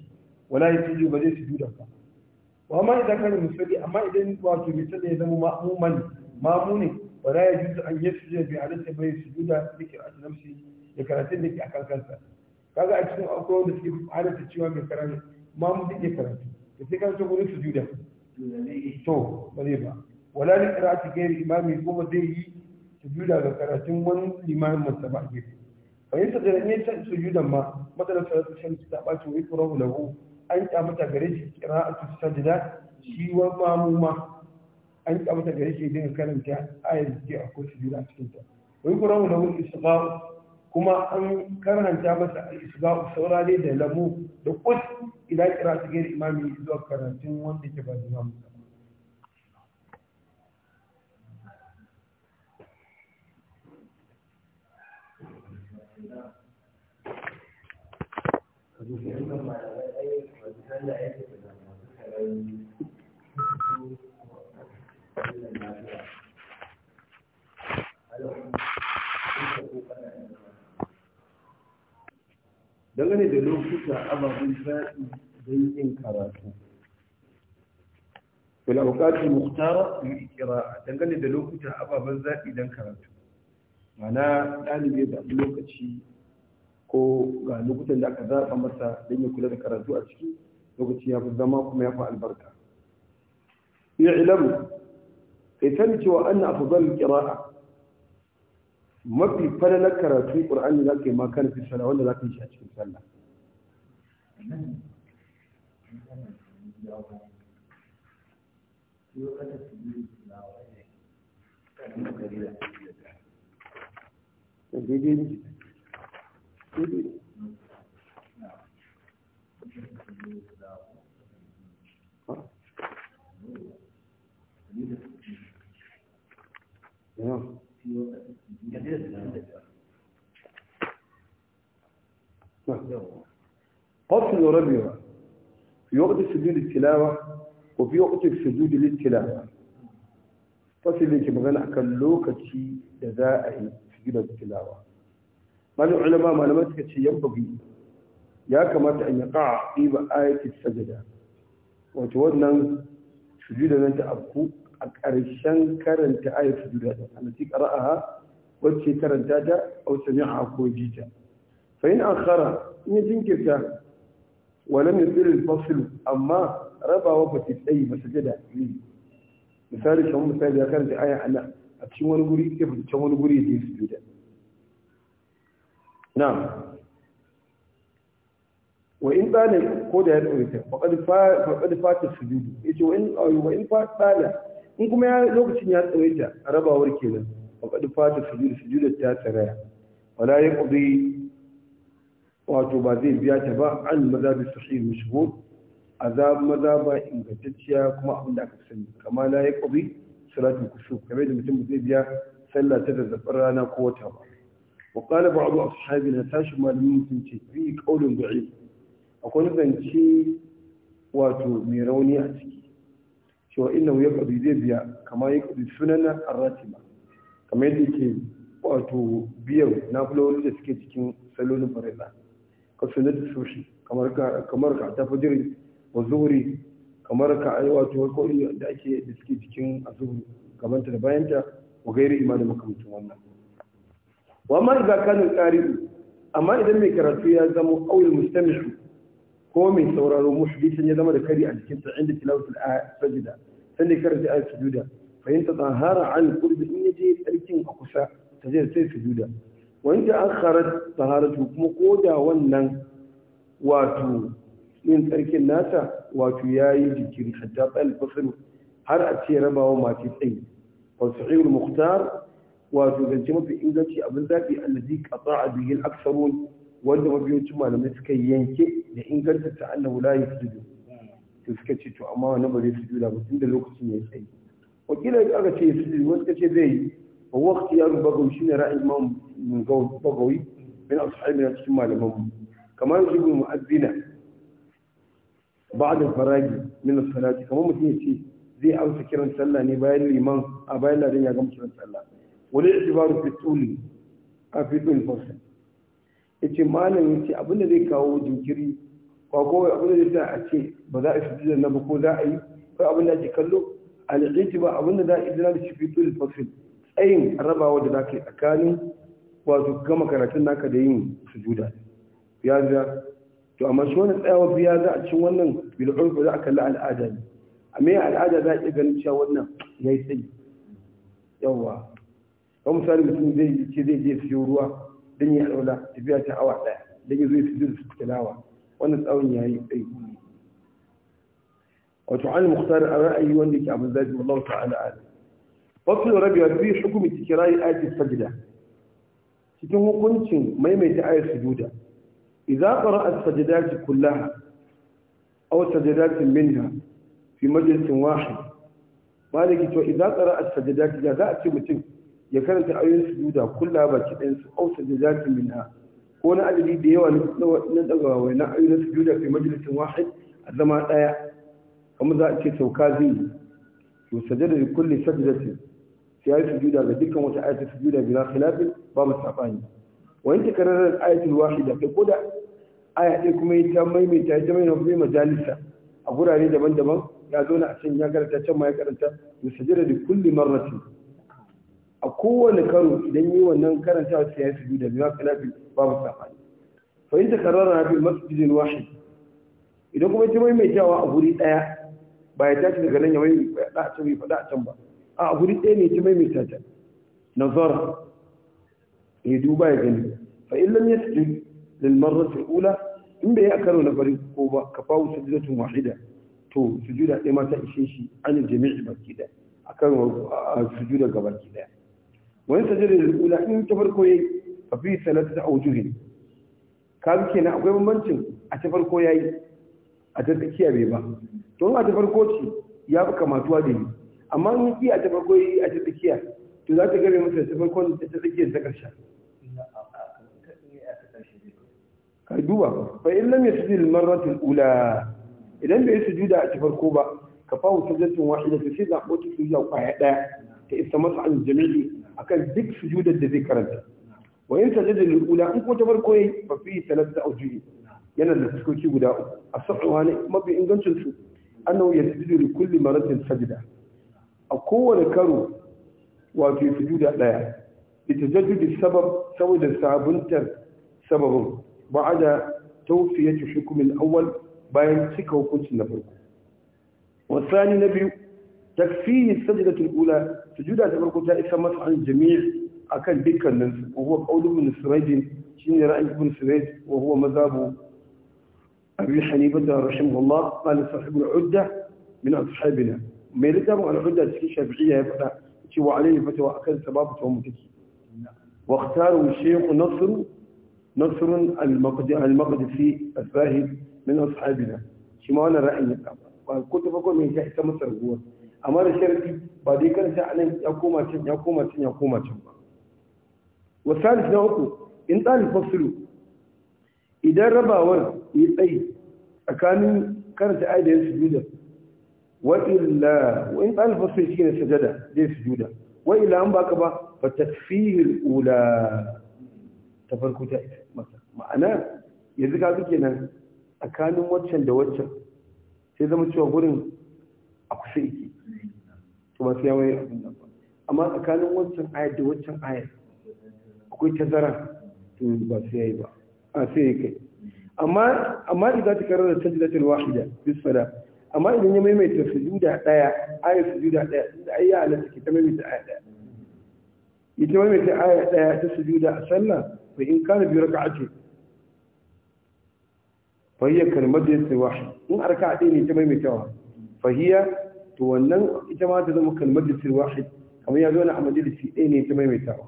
ولا يتجي بدي سجودك وما إذا كان المسجد أما إذا نتواجه مثل يزم مأموما مأموني ولا يجوز أن يسجد بأنسة بي سجودة لك أجل نفسه لكراتين لك أكل كنسا كذا أكسن أقوى لسكي على من بكراني ما مدد يكرت يتكلم تقول سجودة تو مليبا ولا لقراءة غير إمامي هو ذي سجودة لكراتين من لمن من جيبه fahimta da ne ta sujudan ma matsalar salatu shan ta ɓaci wa ikura lahu an kyamata gare shi kira a tussajida an kamata gare shi dinga karanta ayar jiki a kotu jira cikin ta wai kuma wani wani isba'u kuma an karanta masa isba'u saura dai da lamu da kus idan kira su gari imami zuwa karantun wanda ke ba jima musa Thank you. dangane da lokuta ababen zaɓi don yin karatu wani abuƙatun muhtara yi kira dangane da lokuta ababen zaɓi don karatu mana ɗalibai da lokaci ko ga lokutan da aka zaɓa masa don yin kula da karatu a ciki lokaci ya fi zama kuma ya fi albarka ya ilamu kai sani cewa an na kira kira'a mafi na karatu ƙur'ani za ka yi makar fi sallah wanda za ka yi shi a cikin sallah Yeah. فصل ربيع في وقت سجود التلاوة وفي وقت السجود للتلاوة فصل لك مغانا أكل لوكتي جزائه سجود التلاوة ما العلماء ما لمسك شيء ينبغي يا كما أن يقع قيب آية السجدة وتوضنا سجودا أنت أبقو أكارشان كارنت آية السجودة التي قرأها wacce karanta ta au sami'a ko jita fa in akhara in jinkirta walam yusir al-fasl amma rabawa ba ta tsayi ba sajada misali kamar misali ya karanta aya ana a cikin wani guri sai fita wani guri da su juda na'am wa in tsala ko da ya tsorita faƙad faƙad fata sujudu yace wa in wa in tsala in kuma ya lokacin ya tsorita rabawar kenan وقد فات سجود سجود التاسع ولا يقضي wato ba zai biya ta ba an maza mazabi sahih mashhur azab mazaba ingantacciya kuma abin da aka sani kama la ya yaqbi salatul kusuf kamar da mutum zai biya sallah ta da zafar rana ko wata ba wa qala ba'd na tashi malamin sun ce fi ƙaunin da'if akwai zance wato mai rauni a ciki cewa innahu yaqbi zai biya kama ya yaqbi sunana ar-ratiba kamar yadda ke wato biyan na fulawar da suke cikin salonin farilla kasu na da soshi kamar ka ta fajiri wa zuhuri kamar ka ai wato warkori da ake da suke cikin kamar gabanta da bayanta wa gairi ima da makamcin wannan wa ma idza kana tsari amma idan mai karatu ya zama awil mustami'u ko mai sauraro mushbisan ya zama da kari a cikin sa inda a sajda sannan karanta ayat sujuda فإن تظهر عن كل بإنية الكين أقصى تجد سيد سجودا وإن تأخرت طهارته كم قودا ونن واتو من ترك الناس واتو ياي جكري حجاب البصر هر أتي ربا وما تبعي والسعي المختار واتو بنتما في إنجتي أبن ذاتي الذي أطاع به الأكثرون وأنه ما بيوتما لم يسكي ينكي لإنجتك أنه لا يسجد تسكتي تو أما نبري سجودا وتند لوكسين يسجد wakila aka ce su wasu kace zai yi wa waqti ya rubaga shi ne ra'ayin imam bagawi min ashabi na cikin malaman mu kamar shi ibn mu'azzina ba'adar faragi min salati kamar mutum ya ce zai amsa kiran sallah ne bayan liman a bayan ladin ya gama kiran sallah wani ba rufe tuli a fi tuli fasa ya ce malam ya ce abinda zai kawo jinkiri ba kowai abinda zai ta a ce ba za a fi na ba ko za a yi ko abinda ake kallo alƙiti ba abinda za a idina da shi da tafsir tsayin rabawa da zaka yi tsakanin wato gama karatun naka da yin sujuda ya ga to amma shi wannan tsayawa biya za a cin wannan bil ko za a kalli al'ada ne amma ya al'ada za a iya ganin cewa wannan yayi tsayi yawa kamar misali mutum zai ce zai je siyo ruwa don ya alwala tafiya ta awa daya don ya zo ya sujud tilawa wannan tsawon yayi tsayi وتعالي مختار أما أي ونك أبو الزايد من تعالى اعلم. وفي ربي أبي حكم اتكراء آية السجدة ستنه قنت ما يميت آية سجودة إذا قرأ السجدات كلها أو سجدات منها في مجلس واحد مالك تو إذا قرأ السجدات إذا ذات متن يكرت آية سجودة كلها بكتنس أو سجدات منها هنا أدري ديوان نتغوى ونحن سجودة في مجلس واحد الزمان آية kuma za a ce sauka zai yi to sajada da kulli sajdati sai ya yi sujuda ga dukkan wata ayatul sujuda bila khilafin babu sabani Wani in takarrar ayatul wahida kai koda aya ɗaya kuma ya ta maimaita ya ta maimaita bai majalisa a gurare daban-daban ya zauna a can ya karanta can ma ya karanta to sajada da kulli marratin a kowane karo idan yi wannan karanta sai ya yi sujuda bila khilafin babu sabani fa in na ayatul masjidin wahid idan kuma ta maimaitawa a guri ɗaya ba ya tashi daga nan ya wai ya a can bi fada a can ba a guri ɗaya ne ta maimaita ta nazar ya duba ya gani fa illam yasjud lil marrati ula in bai ya karo na fari ko ba ka fawo sujudatun wahida to sujuda ɗaya ma ta ishe shi an jami'i baki ɗaya akan sujuda barki ɗaya wani sajada da ula in ta farko yayi fa fi salatu da aujuhin kaga kenan akwai bambancin a ta farko yayi a ta tsakiya bai ba to a ta farko ce ya fi kamatuwa da yi amma in yi a ta farko yi a ta tsakiya to za ta gare masa ta farkon ta tsakiyar ta ƙarshen ka duba fa in lam yasjud marratul ula idan bai sujuda a farko ba ka fa sujudatun wahida to sai zabo ta sujuda kwaya daya ta istamasa an jami'i akan duk sujudar da zai karanta wa in sajada lil ula in ko ta farko yayi fa fi thalathatu awjuhi yana da tsukoki guda uku a sa'uwa ne mafi ingancin su annahu yasjudu li kulli maratin sajda a kowane karo wato sujuda daya litajaddudu sabab saboda sabuntar sababin ba'ada tawfiyatu hukm awwal bayan cika hukuncin na farko wasani na biyu takfihi sajdatu ula sujuda ta farko ta isa masa an jami' akan dukkanin su ko kaulun min sirajin shine ra'ayin ibn surayd wa huwa mazhabu أبي حنيفة رحمه الله قال صاحب العدة من أصحابنا ما يلتم على العدة تسكي شافعية فلا وعليه فتوى أكد سبابة ومتكي واختاروا الشيخ نصر نصر المقدسي الفاهد من أصحابنا شمعنا رأينا كنت بقول من شيء مصر هو أما الشرطي بعد كان سألنا يقوم يقوم يقوم يقوم وثالث نوعه إن طالب فصلوا idan rabawar ya tsayi tsakanin karanta ayyar sujuda wa illa wa in alfa sai shi ne sajada zai sujuda wa illa an baka ba ta takfihil ula ta farko ta masa ma'ana yanzu zika kake nan tsakanin waccan da waccan sai zama cewa gurin a kusa iki to ba sai ya abin nan ba amma tsakanin waccan ayar da waccan ayar akwai tazara to ba su yayi ba a ya kai amma amma idan ta karar da sajdatul wahida bisfara amma idan ya maimaita sujuda daya ayat sujuda daya da ayya Allah take ta maimaita ayat daya ita maimaita ayat daya ta sujuda a sallah fa in kana bi raka'ati fa hiya kalmatu wahid in arka'a ɗaya ne ta maimaitawa fa hiya to wannan ita ma ta zama kalmatu wahid kamar ya zo na da shi ne ta maimaitawa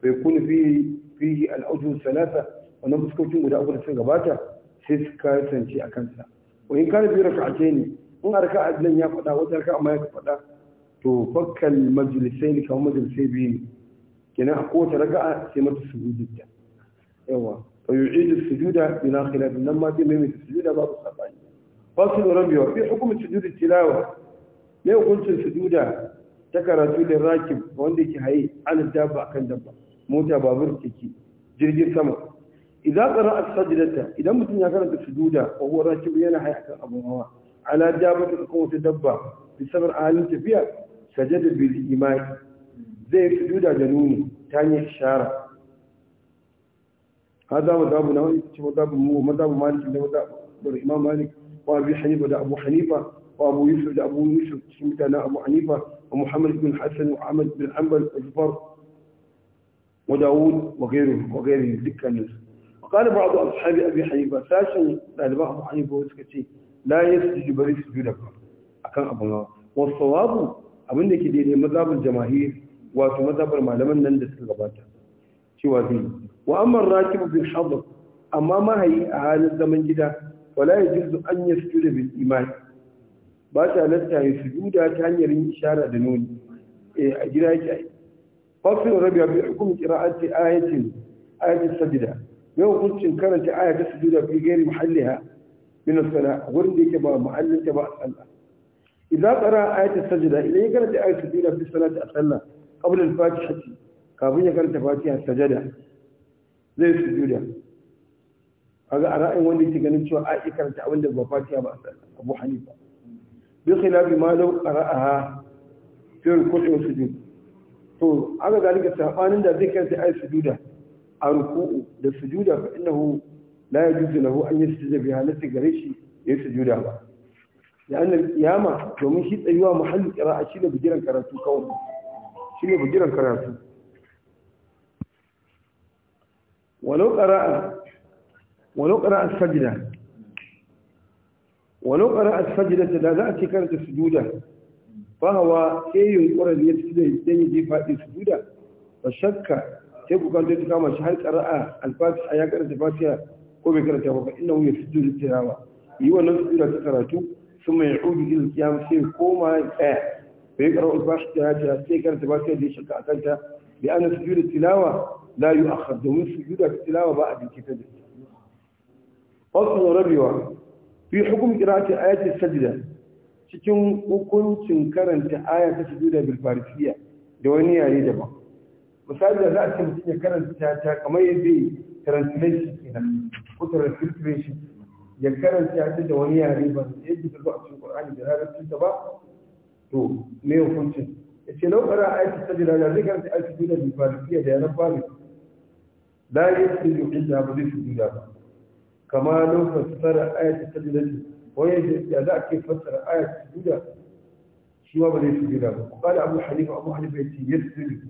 fa yakunu fihi fihi al-awjuh thalatha wannan fuskokin guda uku da suka gabata sai su kasance a kansa wa in kana bi raka'ate ne in arka'a nan ya faɗa wata arka amma ya faɗa to fakkal majalisai ne kamar majalisai biyu ne kenan a kowace raka'a sai mata sujudda yawa wa yu'idu sujuda na khilaf nan ma sai mai sujuda babu ba fasul rabbi wa fi su sujudi tilawa me hukuncin sujuda ta karatu da rakib wanda yake haye an dabba akan dabba mota babur kiki jirgin sama إذا قرأت سجدته إذا متن يكرت السجودة وهو راكب ينا حيحكى أبو هوا على دابة تكون تدبع بسبب أهل تبيع سجد بالإيمان زي سجودة جنوني تاني إشارة هذا مذهب نووي مذهب مو مذهب مالك مذهب الإمام مالك وأبي حنيفة أبو حنيفة وأبو يوسف أبو يوسف سميتنا أبو حنيفة ومحمد بن حسن وعمد بن حنبل والجبر وداود وغيره وغيره ذكر نفسه وقال بعض أصحاب أبي حنيفة ساشن قال بعض حنيفة وسكتي لا يسجد بري سجود أكبر أكان أبو الله والصواب أبن كدير ديني مذهب الجماهير ومذهب المعلمة نندس الغباتة شوازين وأما الراكب الحضر أما ما هي أهالي الزمن جدا ولا يجوز أن يسجد بالإيمان باشا لسا يسجد تاني إشارة دنون إيه أجراء جاي فصل ربيع بحكم قراءة آية آية السجدة yau hukuncin karanta aya ta sujuda fi gairi muhalliha min as-sala wurin da yake ba muhallin ta ba a sallah idan qara ayat sajda idan ya karanta ayat sujuda fi salati a sallah qabla al-fatihati kafin ya karanta fatiha sajada zai sujuda kaga a ra'ayin wanda yake ganin cewa ai karanta abin da ba fatiha ba a sallah Abu Hanifa bi khilafi ma law qara'aha fi al-qur'an sujud to aga zalika sabanin da zai karanta ayat sujuda a ruku'u da sujuda fa innahu la yajuzu lahu an yasjuda bi halati gare shi ya sujuda ba da annal kiyama domin shi tsayuwa muhallin qira'a shi ne bugiran karatu kawai shi ne bugiran karatu walau qira'a walau qira'a sajda walau qira'a sajda da za a ce karanta sujuda fa hawa sai yunkura ne ya sujuda dan yi fadi sujuda fa shakka sai ku kanta ta kama shi har qara'a al-fatiha ya karanta fatiha ko bai karanta ba innahu yasjudu lit-tilawa yi wannan sujuda ta karatu ثم يعود إلى القيام سير كوما فيقرأ الفاتحة هذه سيكر تباسيا دي شكا أكلتها لأن سجود التلاوة لا يؤخر ومن سجود التلاوة بعد الكتاب أصل ربيوة في حكم قراءة آيات السجدة cikin hukuncin karanta aya ta sujuda bil farisiya da wani yare daban misali da za a ce mutum ya karanta ta kamar yadda yi translation kenan ko translation ya karanta ta da wani yare ba da yadda ta zo a cikin qur'ani da larabci ta ba to me hukunci ya ce lau kara ayatu sajda da zai karanta ayatu sajda da farisiya da yaran fari la yasilu illa bi sujuda ba kama lau fassara ayatu sajda wani da za a ke fassara ayatu sujuda shi ma ba zai sujuda ba qala abu hanifa abu hanifa yace yasilu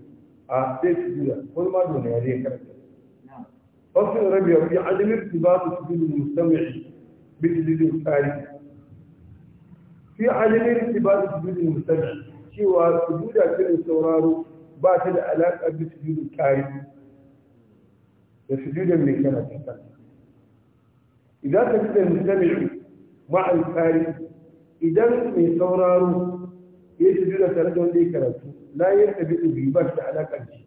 a ah, sai su juya wani ma dole ya zai karanta fasil rabi ya fi adamin su ba su sujudu mustami'i bi sujudu tsari fi adamin su ba su sujudu musamman cewa su sujuda cikin sauraro ba ta da alaƙa bi sujudu tsari da su sujudan mai karanta kanta idan ka fi da musamman ma'al tsari idan mai sauraro ya ji juna tare da wanda ya karatu la ya tabi ubi ba shi da alaƙar shi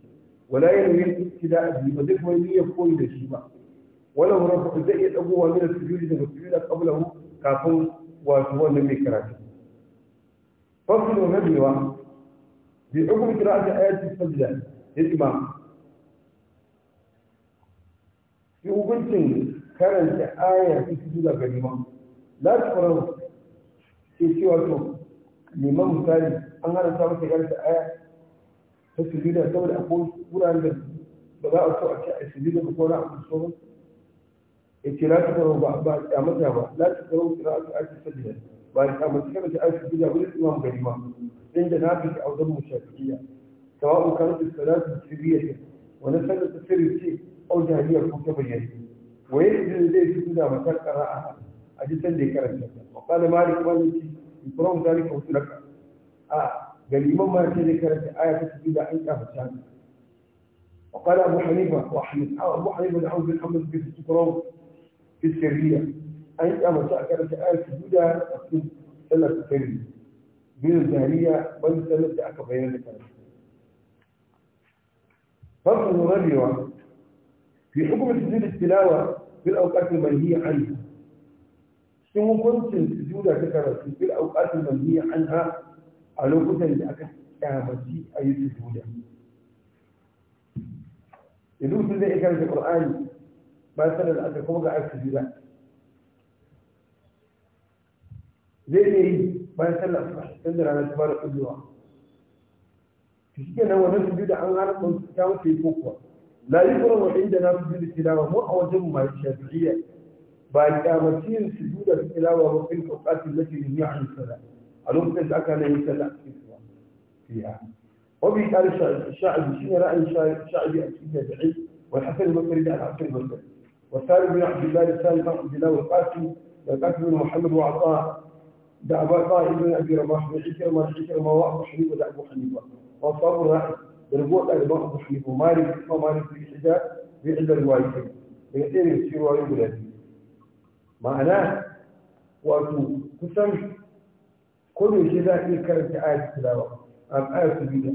wala ya nemi ibtida abi ba zai kuma niyyar koyi da shi ba wala hurar zai iya da dagowa min sujudi daga sujuda qablahu kafin wasu wannan mai karatu fasil na biyuwa bi hukum qira'ati ayati sajda lil ba? fi hukuncin karanta ayar sujuda ga imam la tuqra sai cewa to neman misali an hana samun masa yarsa aya ta sujuda saboda akwai wuraren da ba za a so a ce a sujuda ba ko na abu so ba ce lati ta karo ba ba a kyamata ba la ta karo kira aka ake sajida ba a kyamata kama ta ake sajida wani imam gari ma dan da na fi wajen mu shafi'iyya sawa'un kan su salatu sirriyya wani sanda ta sirri ce au jahiliya ko ta bayyana waye da zai fi da matar kara a ji san da ya karanta ba qala malik maliki يقرأون ذلك مطلقا آه قال الإمام مالك الذي كانت آية تجد عند أهل وقال أبو حنيفة وأحمد أبو حنيفة دعوه بن حمد في السكرون في السرية أي أما كانت آية تجد أكتب سنة السرية من الزهرية بل سنة غير ذلك فصل الربيع في حكم تجديد التلاوة في الأوقات المنهية عنها cikin hukuncin sujuda ta karatu fil auqatil manhiya anha a lokutan da aka kyamaci a yi sujuda yanzu mutum zai iya karanta qur'ani ba sanar da aka kuma ga aka sujuda zai iya yi bayan sallar asuba sai da ranar ta fara kullewa to shi kenan wannan sujuda an haramta ta wuce ko kuwa la yukra wa inda na sujudu tilawa mu a wajen mu ma shafi'iyya باكامتين سجود التلاوة وفي الأوقات التي لم يعن الصلاة الوقت أنت أكل يسلع فيها وفي قال الشاعر شنو رأي شاعري أكيد بعيد والحسن المصري ده حسن المصري والثالث بن عبد الله الثالث بن عبد الله القاسم والقاسم بن محمد وعطاء ده أبا بن أبي رباح بن عكرمة عكرمة وأبو حنيفة ده أبو حنيفة وأصحاب الرأي ربوع الإمام أبو حنيفة اسمه مالك بن حجاج بن عدة ma'ana wato kusan ko da yake za a iya karanta ayat tilawa a ayat tilawa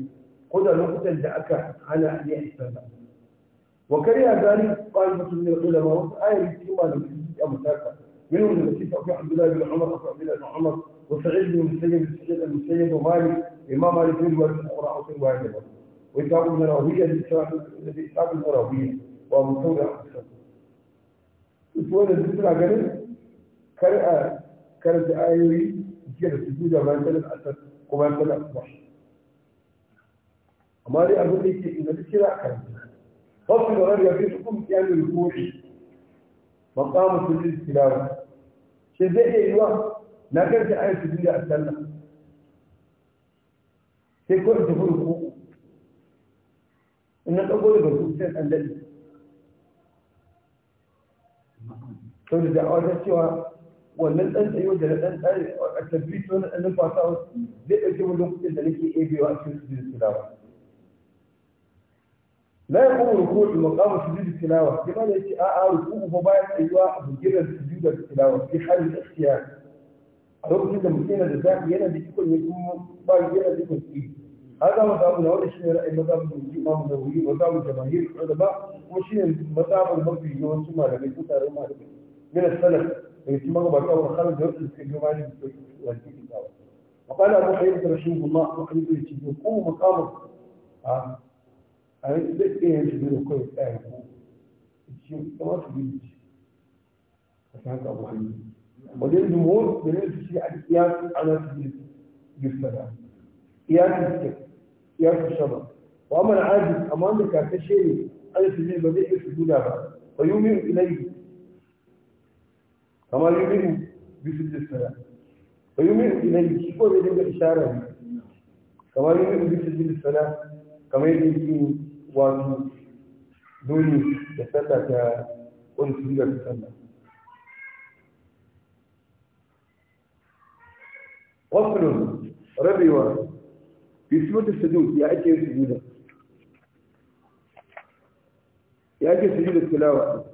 ko da lokutan da aka hana ne a sallah wa kariya zalik qalbatu min ulama wa ayat tilawa da ya mutaka منهم التي أبي عبد الله بن عمر أبو عبد الله بن عمر وسعيد بن المسيب سعيد المسيب ومالك إمام مالك بن وارث أقرأ وارث وإسحاق بن راوية الذي إسحاق بن راوية وأبو ثور أحسن su wanda duk suna ganin kar a karanta ayoyi jiya da su da bayan salar asar ko bayan salar asuba amma dai abin da yake inda duk kira a karanta wasu da rarriya fi su kuma kiyamin ba kama su ji tilawa shi zai iya yiwa na karanta ayoyi su da a sallah sai ko in tafi ruku in na ɗago da basu sai ɗan daɗi شلون الدعوات سوا ولا الان ايوا دابا الان التثبيت ان الباس اوت اللي يجيبوا لهم كل ذلك اي بي واحد في سجود التلاوه لا يقوم ركوع المقام في سجود التلاوه كما ليس اه اه ركوع فباي ايوا بجد سجود التلاوه في حال الاختيار ركن جدا مثيرا للذات هنا بيكون يكون باي هنا بيكون اي هذا مذهب نور الشيرة المذهب الإمام النووي مذهب الجماهير العلماء وشين مذهب المرجعيون ثم لم يكن ترى ما لم من السلف يتم مغبر أول خالد يرسل في الجمال والدين الدعوة وقال أبو حيبة رحمه الله وحيبة يتبين قوموا مقامك ها أنا آه. يعني إيه يتبين قوي الآن يتبين كما تبين فهذا أبو حيبة ودين الجمهور دليل في شيء يعني قياس على سبيل السلام إيام السكر إيام الشرع وأما العاجز أمامك كشيء على سبيل المبيع في الدنيا فيؤمن إليه kama yumin bisu jisara fa yumin ilayhi shi ko zai dinga isharar ne yi yumin bisu jisara kamar yi yake wani dole da sallah ta wani sura ta sallah wasu rabewa bisu sujudu sujud ya ake yin sujuda ya ake sujudu tilawa